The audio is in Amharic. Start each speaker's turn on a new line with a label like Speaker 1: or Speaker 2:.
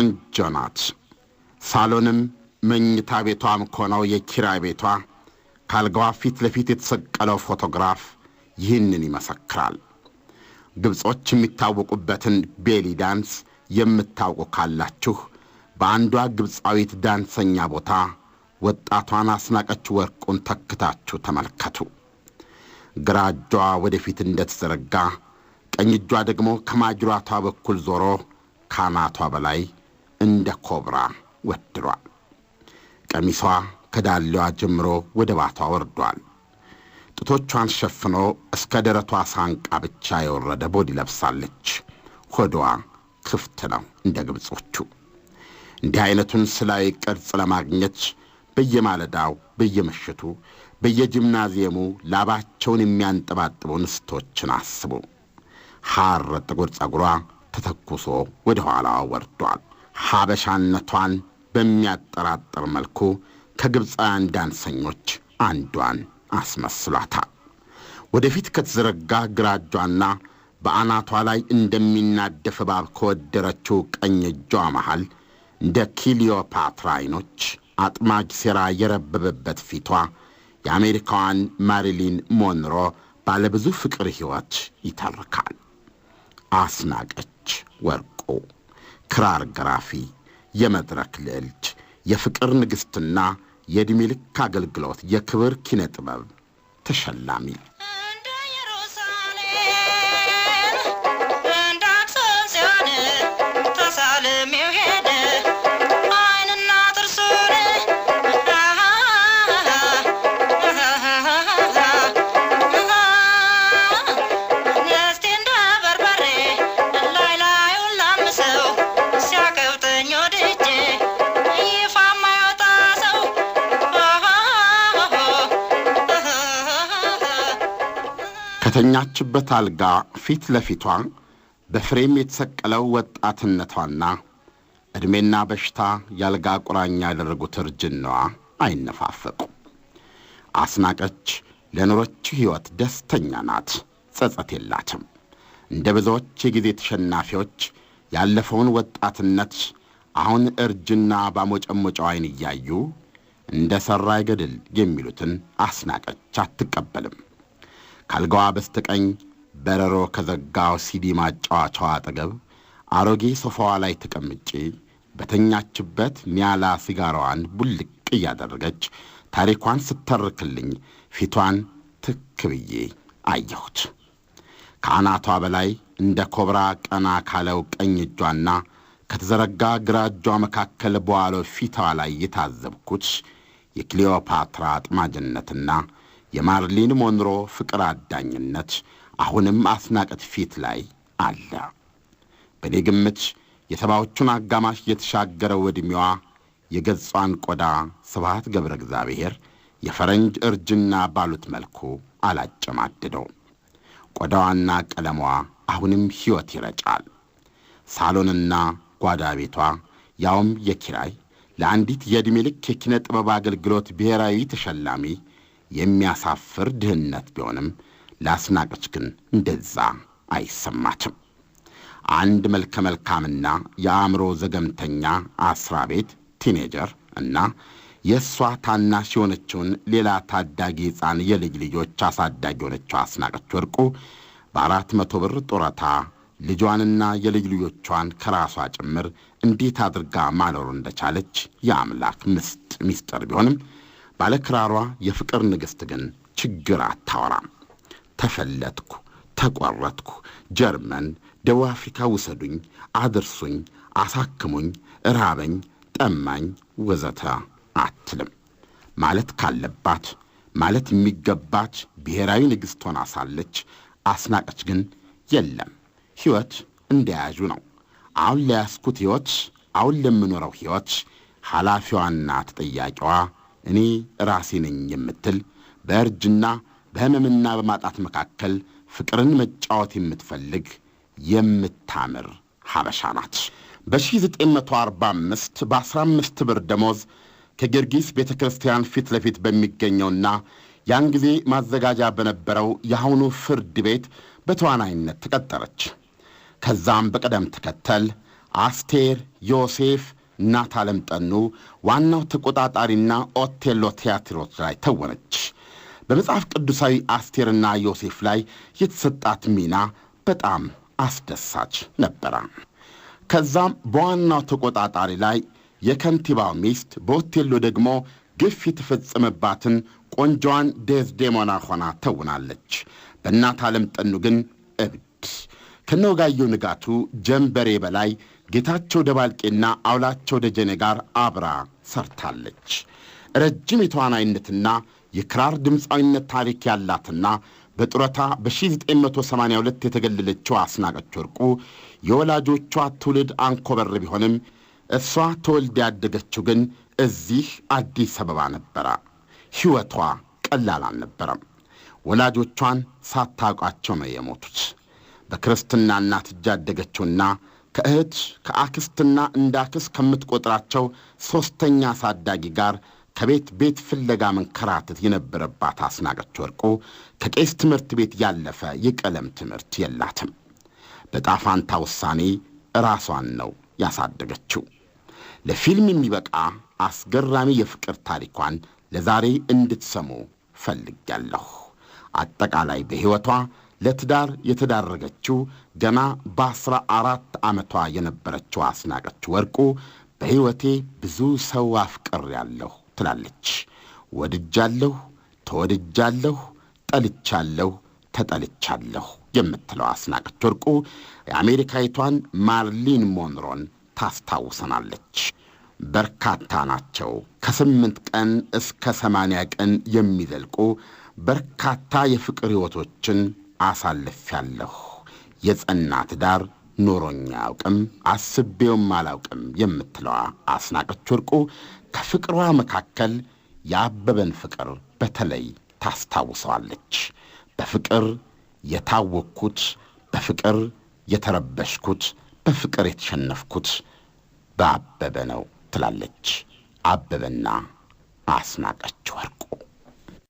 Speaker 1: ቆንጆ ናት። ሳሎንም መኝታ ቤቷም ከሆነው የኪራይ ቤቷ ካልጋዋ ፊት ለፊት የተሰቀለው ፎቶግራፍ ይህንን ይመሰክራል። ግብጾች የሚታወቁበትን ቤሊ ዳንስ የምታውቁ ካላችሁ በአንዷ ግብፃዊት ዳንሰኛ ቦታ ወጣቷን አስናቀች ወርቁን ተክታችሁ ተመልከቱ። ግራ እጇ ወደፊት እንደተዘረጋ ቀኝ እጇ ደግሞ ከማጅራቷ በኩል ዞሮ ካናቷ በላይ እንደ ኮብራ ወድሯል። ቀሚሷ ከዳሌዋ ጀምሮ ወደ ባቷ ወርዷል። ጡቶቿን ሸፍኖ እስከ ደረቷ ሳንቃ ብቻ የወረደ ቦዲ ለብሳለች። ሆዷ ክፍት ነው እንደ ግብጾቹ። እንዲህ ዐይነቱን ስላዊ ቅርጽ ለማግኘት በየማለዳው በየምሽቱ በየጂምናዚየሙ ላባቸውን የሚያንጠባጥቡ ንስቶችን አስቡ። ሐር ጥቁር ጸጉሯ ተተኩሶ ወደ ኋላዋ ወርዷል። ሐበሻነቷን በሚያጠራጥር መልኩ ከግብፃውያን ዳንሰኞች አንዷን አስመስሏታል። ወደፊት ከተዘረጋ ግራጇና በአናቷ ላይ እንደሚናደፍ እባብ ከወደረችው ቀኝ እጇ መሃል እንደ ኪሊዮፓትራ አይኖች አጥማጅ ሴራ የረበበበት ፊቷ የአሜሪካዋን ማሪሊን ሞንሮ ባለብዙ ፍቅር ሕይወት ይተርካል። አስናቀች ወርቁ ክራር ግራፊ፣ የመድረክ ልዕልት፣ የፍቅር ንግሥትና የዕድሜ ልክ አገልግሎት የክብር ኪነ ጥበብ ተሸላሚ ከተኛችበት አልጋ ፊት ለፊቷ በፍሬም የተሰቀለው ወጣትነቷና ዕድሜና በሽታ የአልጋ ቁራኛ ያደረጉት እርጅናዋ አይነፋፈቁ። አስናቀች ለኖረችው ሕይወት ደስተኛ ናት፣ ጸጸት የላትም። እንደ ብዙዎች የጊዜ ተሸናፊዎች ያለፈውን ወጣትነት አሁን እርጅና ባሞጨሞጨው ዓይን እያዩ እንደ ሠራ አይገድል የሚሉትን አስናቀች አትቀበልም። ከአልጋዋ በስተቀኝ በረሮ ከዘጋው ሲዲ ማጫወቻዋ አጠገብ አሮጌ ሶፋዋ ላይ ተቀምጬ በተኛችበት ኒያላ ሲጋራዋን ቡልቅ እያደረገች ታሪኳን ስተርክልኝ ፊቷን ትክ ብዬ አየሁት። ከአናቷ በላይ እንደ ኮብራ ቀና ካለው ቀኝ እጇና ከተዘረጋ ግራ እጇ መካከል በዋለው ፊቷ ላይ የታዘብኩት የክሊዮፓትራ አጥማጅነትና የማርሊን ሞንሮ ፍቅር አዳኝነት አሁንም አስናቀት ፊት ላይ አለ። በእኔ ግምት የሰባዎቹን አጋማሽ የተሻገረው ዕድሜዋ የገጿን ቆዳ ስብሐት ገብረ እግዚአብሔር የፈረንጅ እርጅና ባሉት መልኩ አላጨማድደው። ቆዳዋና ቀለሟ አሁንም ሕይወት ይረጫል። ሳሎንና ጓዳ ቤቷ ያውም የኪራይ ለአንዲት የዕድሜ ልክ የኪነ ጥበብ አገልግሎት ብሔራዊ ተሸላሚ የሚያሳፍር ድህነት ቢሆንም ለአስናቀች ግን እንደዛ አይሰማችም አንድ መልከ መልካምና የአእምሮ ዘገምተኛ አስራ ቤት ቲኔጀር እና የእሷ ታናሽ የሆነችውን ሌላ ታዳጊ ሕፃን የልጅ ልጆች አሳዳጊ የሆነችው አስናቀች ወርቁ በአራት መቶ ብር ጡረታ ልጇንና የልጅ ልጆቿን ከራሷ ጭምር እንዴት አድርጋ ማኖር እንደቻለች የአምላክ ምስጥ ሚስጥር ቢሆንም ባለክራሯ የፍቅር ንግሥት ግን ችግር አታወራም። ተፈለጥኩ፣ ተቆረጥኩ፣ ጀርመን፣ ደቡብ አፍሪካ ውሰዱኝ፣ አድርሱኝ፣ አሳክሙኝ፣ እራበኝ፣ ጠማኝ ወዘተ አትልም። ማለት ካለባት ማለት የሚገባት ብሔራዊ ንግሥት ሆና ሳለች አስናቀች ግን የለም። ሕይወት እንደያዡ ነው። አሁን ለያዝኩት ሕይወት፣ አሁን ለምኖረው ሕይወት ኃላፊዋና ተጠያቂዋ እኔ ራሴ ነኝ የምትል በእርጅና በሕመምና በማጣት መካከል ፍቅርን መጫወት የምትፈልግ የምታምር ሐበሻ ናት። በ1945 በ15 ብር ደሞዝ ከጊዮርጊስ ቤተ ክርስቲያን ፊት ለፊት በሚገኘውና ያን ጊዜ ማዘጋጃ በነበረው የአሁኑ ፍርድ ቤት በተዋናይነት ተቀጠረች። ከዛም በቅደም ተከተል አስቴር፣ ዮሴፍ እናት አለም ጠኑ ዋናው ተቆጣጣሪና ኦቴሎ ቲያትሮች ላይ ተወነች። በመጽሐፍ ቅዱሳዊ አስቴርና ዮሴፍ ላይ የተሰጣት ሚና በጣም አስደሳች ነበራ። ከዛም በዋናው ተቆጣጣሪ ላይ የከንቲባው ሚስት፣ በኦቴሎ ደግሞ ግፍ የተፈጸመባትን ቆንጆዋን ዴዝዴሞና ሆና ተውናለች። በእናት አለም ጠኑ ግን እብድ ከነወጋየሁ ንጋቱ ጀንበሬ በላይ ጌታቸው ደባልቄና አውላቸው ደጀኔ ጋር አብራ ሰርታለች። ረጅም የተዋናይነትና የክራር ድምፃዊነት ታሪክ ያላትና በጡረታ በ1982 የተገለለችው አስናቀች ወርቁ የወላጆቿ ትውልድ አንኮበር ቢሆንም እሷ ተወልድ ያደገችው ግን እዚህ አዲስ አበባ ነበረ። ሕይወቷ ቀላል አልነበረም። ወላጆቿን ሳታውቃቸው ነው የሞቱት። በክርስትና እናት እጅ ያደገችውና ከእህት ከአክስትና እንዳክስ ከምትቆጥራቸው ሦስተኛ አሳዳጊ ጋር ከቤት ቤት ፍለጋ መንከራተት የነበረባት አስናቀች ወርቁ ከቄስ ትምህርት ቤት ያለፈ የቀለም ትምህርት የላትም። በጣፋንታ ውሳኔ ራሷን ነው ያሳደገችው። ለፊልም የሚበቃ አስገራሚ የፍቅር ታሪኳን ለዛሬ እንድትሰሙ ፈልጋለሁ። አጠቃላይ በሕይወቷ ለትዳር የተዳረገችው ገና በአስራ አራት ዓመቷ የነበረችው አስናቀች ወርቁ በሕይወቴ ብዙ ሰው አፍቅሬያለሁ ትላለች። ወድጃለሁ፣ ተወድጃለሁ፣ ጠልቻለሁ፣ ተጠልቻለሁ የምትለው አስናቀች ወርቁ የአሜሪካዊቷን ማርሊን ሞንሮን ታስታውሰናለች። በርካታ ናቸው። ከስምንት ቀን እስከ ሰማንያ ቀን የሚዘልቁ በርካታ የፍቅር ሕይወቶችን አሳልፊያለሁ። የጸና ትዳር ኖሮኝ አያውቅም፣ አስቤውም አላውቅም የምትለዋ አስናቀች ወርቁ ከፍቅሯ መካከል የአበበን ፍቅር በተለይ ታስታውሰዋለች። በፍቅር የታወቅኩት፣ በፍቅር የተረበሽኩት፣ በፍቅር የተሸነፍኩት በአበበ ነው ትላለች አበበና አስናቀች ወርቁ።